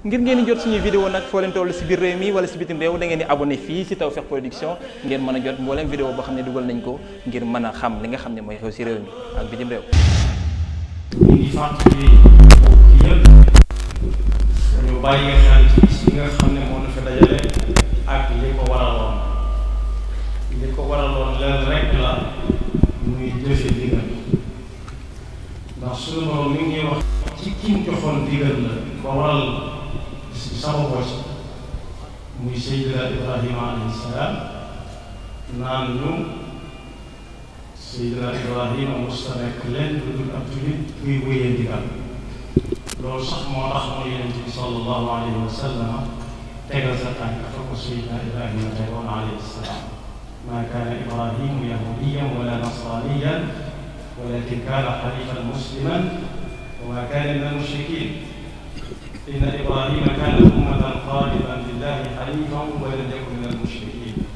ngir ngeen di jot suñuy vidéo nag foo leen si biir réew mi wala si bitim réew da ngeen di abonné fii si Tawfekh Production ngeen mën a jot mbooleem vidéo boo xam ne dugal nañ ko ngir mën a xam li nga xam ne mooy xew si réew mi ak bitim réew ñu ngi sant bi yëpp ñu bàyyi xel ne moo na ak li ko waraloon li ko waraloon leen rek la muy jëfe digal ndax suñu borom mi ngi wax ci kiim joxoon digal la ba waral si sama woote muy Seydina Ibrahima alayhi salaam naan ñu Seydina Ibrahima mos a nekk leen lu dul ab jullit buy wéyee ndigal loolu sax moo tax mu yonent bi sallallahu alayhi wa sallam tegal sa tànk fa ko Seydina Ibrahima tegoon alayhi salaam maa kaana Ibrahimu yahudiyan wala nasraniyan walakin kaana hanifan musliman wa maa kaana minal mushrikin إن إبراهيم كان أمة قانتا لله حنيفا ولم يكن من المشركين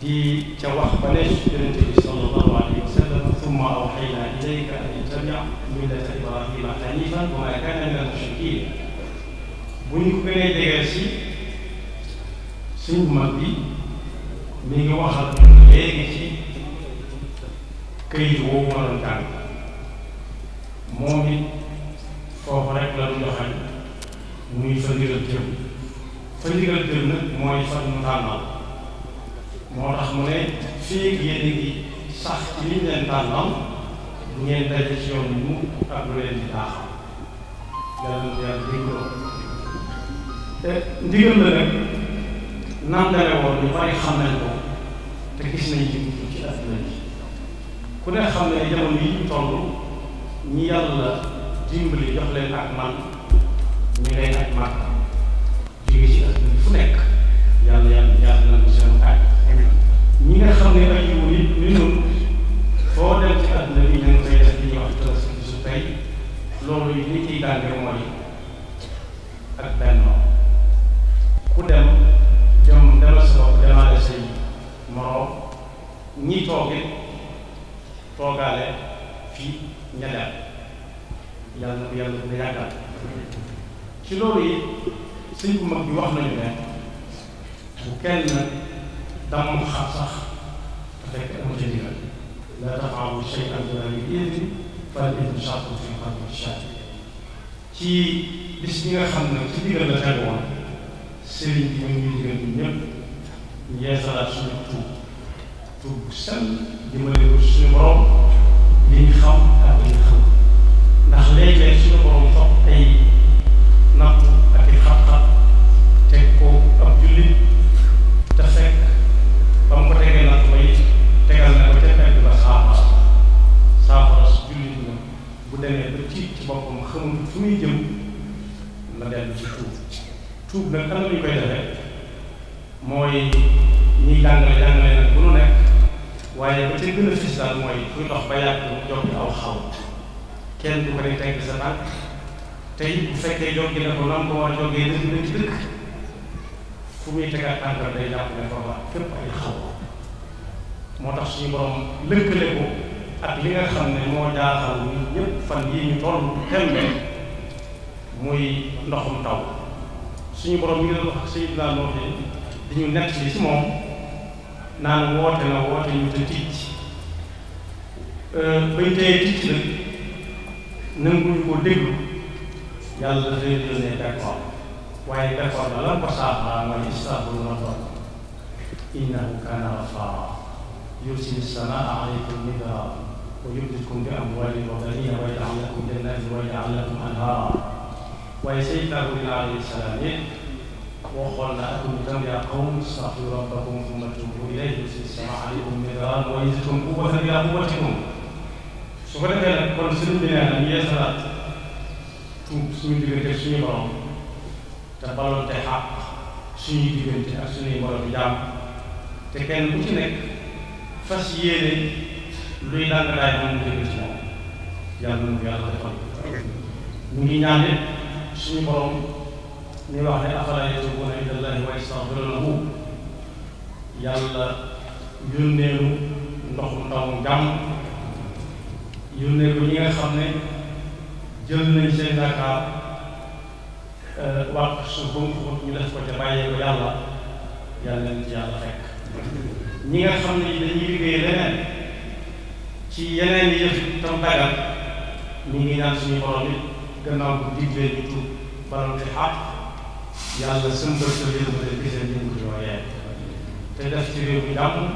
di ca wax ba ne yonent bi sallallahu alayhi wa sallam thumma awhaynaa an ittabi' millata Ibrahima hanifan wa maa kaana mina al-mushrikiin bu si suñu mag bi mi ngi waxal ci këyit woowu waroon tànn moom it muy fa ndigal jëm fa ndigal jëm nag mooy fan mu tànnal moo tax mu ne fii ak yéen ngi sax ci liñ leen tànnal ngeen daje ci yoon mu ak lu leen di daaxal yàlla na yàlla dégg ko te ndigal la nag nan dale woon ñu bari xam nañ ko te gis nañ ci ci àdduna ji ku ne xam ne jamono yi ñu toll ñi yàlla dimbali jox leen ak man ñu ngay ak mag jóge ci adduna bi fu nekk yàlla yàlla yàlla na ko seen aaj nga xam ne yu nit ñu noonu foo dem ci adduna bi ñu di ñuy wax su tey loolu yi li ciy jànge mooy ak bennoo ku dem jëm demal sa bopp demaale say moroom ñi tooge toogaale fii ña dem yàlla na ko yàlla na ko yàggal ci loolu yi sëñ bu mag bi wax nañu ne bu kenn te fekk amu ca ndigal la tafaalu shay'an bi gayri idni fal ithmu shartun fi qalbi shaaki ci bis bi nga xam ne ci ndigal la tegu woon sëriñ bi ñu ngi digal ñun ñëpp ñu yeesalaat suñu tuub tuub bu sell jëmale ko suñu borom li ñu xam ak li ñu xam ndax léeg-léeg tuub nag am na ñu koy defee mooy ñiy jàngale jàngale nag bu nu nekk waaye ba ca gën daal mooy kuy dox ba yàgg jog aw xaw ko nam ko war a dëgg dëgg fu muy tegaat tànkam day jàpp ne foofa fépp ay xaw moo tax suñu borom lëkkale ko ak li nga xam ne moo jaaxal ñun ñëpp fan yii ñu toll tembe muy ndoxum taw suñu borom mi ngi doon wax ak Seydina Nuux di ñu nekk li ci moom naan woote na woote ñu te tiit euh, bañ teye tiit nag nanguñu ko déglu yàlla dafay yónnee bekkoor waaye bekkoor ba lan ko saafara mooy istaghfiru rabbakum innahu kaana ghaffaaraa yursili samaa'a alaykum midraaraa wa yumdidkum bi amwaalin wa baniina wa yaj'al lakum jannaatin wa yaj'al lakum anhaaraa waaye Seydina Jibriil alayhi salaam ne waxoon na akum tam yaa qawm istaghfiru rabbakum thumma tuubu ilayhi yursili alaykum midraran wa yazidkum quwwatan ila quwwatikum su ko defee nag kon sëriñ bi nee na ñu yeesalaat tuub suñu diggante suñu borom te balonte xaq suñuy diggante ak suñuy borom jàmm te kenn ku ci nekk fas yéene luy dàngataay moom mu jëge ci moom yàlla na mu yàlla defal mu ngi ñaan suñu borom ñu wax ne afala yatubuuna ilallahi wa yastaghfirunahu yàlla yónneelu ndox mu ndaw mu jàmm yónnee ko ñi nga xam ne jël nañ seen yaakaar euh, wàq suuf ba mu xóot ñu def ko ca ko yàlla yàlla leen ci yàlla fekk ñi nga xam ne dañuy liggéey leneen ci yeneen yëf tam dagal ñu ngi ñaan suñu borom it gannaaw bu diggee ñu tuub baral di xaat yàlla sëmbërtal yéen ma leen gisee ñu ngi ko yaay te def ci réew mi jàmm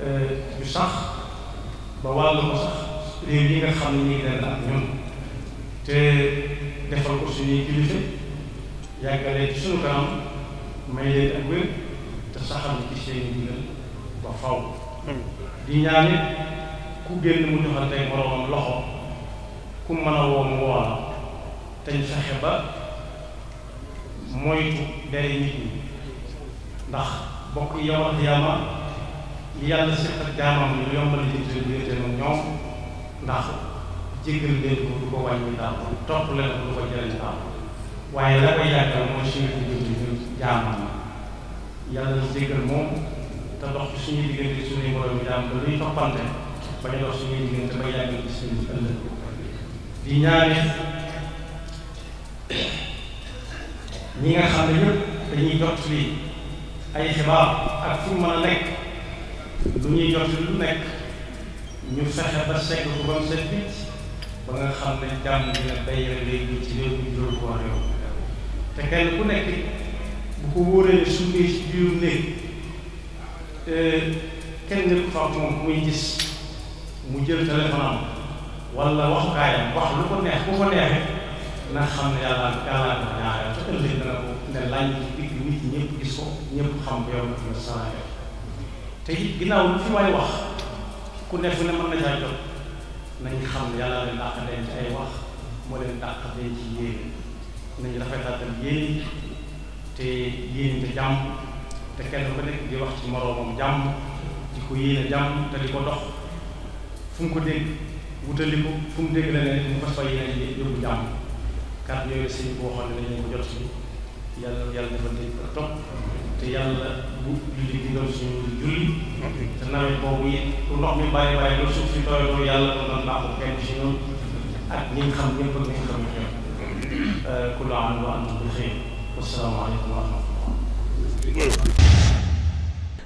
ñu ba wàllu ko sax réew yi nga xam ne ñu ngi leen ak ñoom te defal ko suñuy kilifa yàggalee ci suñu kanam may leen ak wér te saxal ci seeni ndigal ba faw hmm. di ñaan ku génn mu joxante moroomam loxo ku mën a woo mu woo la te ñu fexe ba moytu dere nit ñi ndax bokk yowal xiyaama li yàlla séq ak jaamam ñu yombal li ñu diggante ak ñoom ndax jéggal leen ko du ko wàññi daal topp leen ko du ko jëriñ daal waaye la koy yàggal mooy suñu diggante ñun jaamam yàlla na jéggal moom te dox suñu diggante suñuy borom jaam ba luy toppante ba ñu dox suñuy diggante ba yàggal ci suñu ëllëg di ñaane ñi nga xam ne ñëpp dañuy jot li ay xibaar ak fu nekk lu ñuy jot lu nekk ñu fexe ba segg ko ba nga xam ne jàmm dina dayal léegi ci réew mi juróom ko wax yow te kenn ku nekk bu ko wóoree ne suñu ci biir néeg euh, kenn nga muy gis mu jël téléphone am wala waxukaayam wax lu ko neex ku ko neexee na xam ne yàlla yàlla na ko ñaareel te ëllëg dana ko ne laaj ci digg nit ñi ñëpp gis ko xam ko yow na ko te it ginnaaw lu fi waay wax ku nekk ne mën na caa jot nañu xam ne yàlla leen dàq denc ay wax moo leen dàq denc ci yéene nañu rafetal tam yéene te yéene te jàmm te kenn ku nekk di wax ci moroomam jàmm di ko yéene jàmm te di ko dox fu mu ko dégg. wutali ko fu mu dégg la ne mu fas fa yeneen yi yóbbu jàmm kàddu yooyu sëñ bi waxoon ne dañu ko jot si yàlla yàlla defal nañ ko topp te yàlla bu julli gi nga suñu julli te nawet boobu it lu ndox mi bàyyi bàyyi lu suuf si tooyoo yàlla ko doon baaxul kenn si ñoom ak ñi nga xam ñëpp ak ñi nga xam ñëpp euh, kullu aam wa antum bi xayr wasalaamaaleykum wa rahmatullah